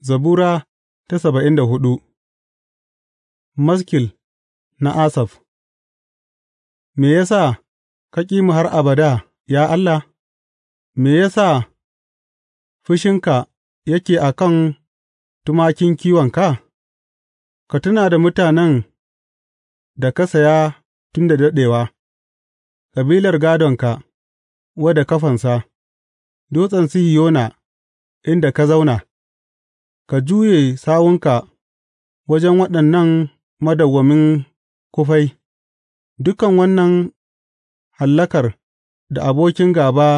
Zabura ta saba'in da hudu Maskil na Asaf Me ya sa ka ƙi mu har abada, ya Allah? Me ya sa fushinka yake a kan tumakin kiwonka? Ka tuna da mutanen da ka saya tun da daɗewa, kabilar gādonka, wadda ka fansa, dutsen Sihiyona, inda ka zauna. Ka juye sawunka wajen waɗannan madawwamin kufai, dukan wannan hallakar da abokin gāba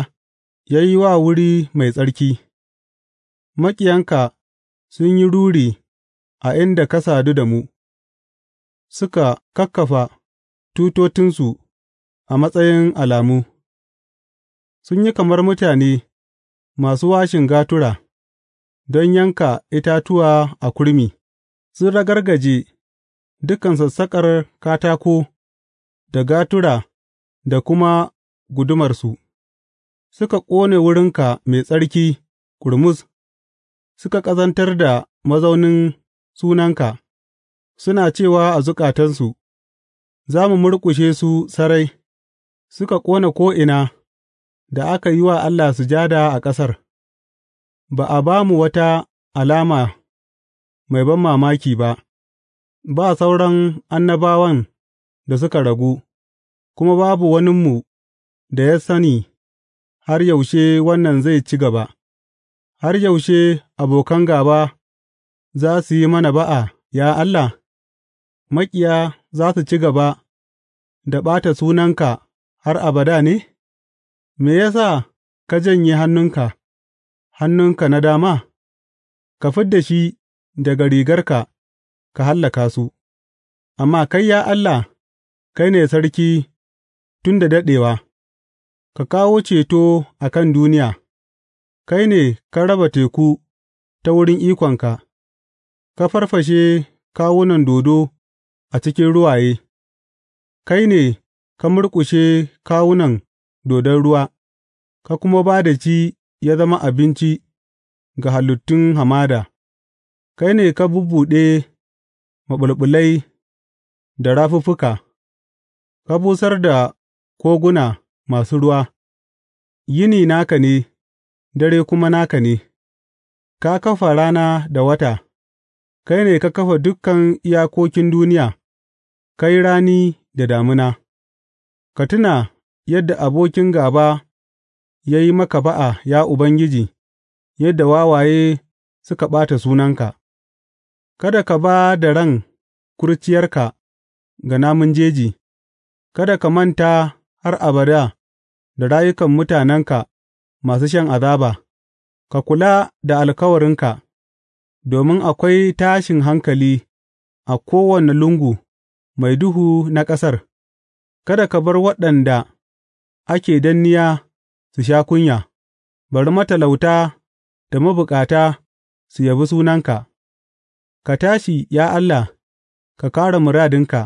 ya yi wa wuri mai tsarki; maƙiyanka sun yi ruri a inda ka sadu da mu, suka kakkafa tutotinsu a matsayin alamu; sun yi kamar mutane masu washin gatura. don yanka itatuwa a kurmi, sun ragargaje dukan sassaƙar katako da gatura da kuma gudumarsu, suka ƙone wurinka mai tsarki ƙurmus, suka ƙazantar da mazaunin sunanka, suna cewa a zukatansu, Za mu murƙushe su sarai, suka ƙone ko'ina da aka yi wa Allah sujada a ƙasar. Ba a ba mu wata alama mai banmamaki ba, ba sauran annabawan da suka ragu, kuma babu waninmu da ya sani har yaushe wannan zai ci gaba, har yaushe abokan gaba za su yi mana ba'a, ya Allah, maƙiya za su ci gaba da ɓata sunanka har abada ne? Me ya sa ka janye hannunka? hannunka na dama? Ka fid da shi daga rigarka ka hallaka su, amma kai, ya Allah, kai ne sarki tun da daɗewa, ka kawo ceto a kan duniya, kai ne ka raba teku ta wurin ikonka, ka farfashe kawunan dodo a cikin ruwaye, kai ne ka murƙushe kawunan dodon ruwa, ka kuma ba da ci ya zama abinci ga halittun hamada; kai ne ka bubbuɗe maɓulɓulai da rafuffuka, ka busar da koguna masu ruwa; yini naka ne, dare kuma naka ne, ka kafa rana da wata; kai ne ka kafa dukan iyakokin duniya, ka yi rani da damina; ka tuna yadda abokin gāba. ya yi maka ba'a, ya Ubangiji, yadda wawaye suka ɓata sunanka; kada ka ba da ran kurciyarka ga namun jeji, kada ka manta har abada da rayukan mutanenka masu shan azaba; ka kula da alkawarinka, domin akwai tashin hankali a kowane lungu mai duhu na ƙasar; kada ka bar waɗanda ake danniya. su sha kunya; bari matalauta da mabukata su yabi sunanka; ka tashi, ya Allah, ka kāre muradinka;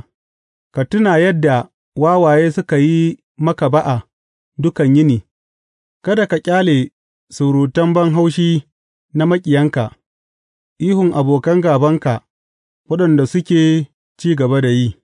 ka tuna yadda wawaye suka yi maka ba'a dukan yini, kada ka ƙyale surutan ban haushi na maƙiyanka, ihun abokan gābanka waɗanda suke ci gaba da yi.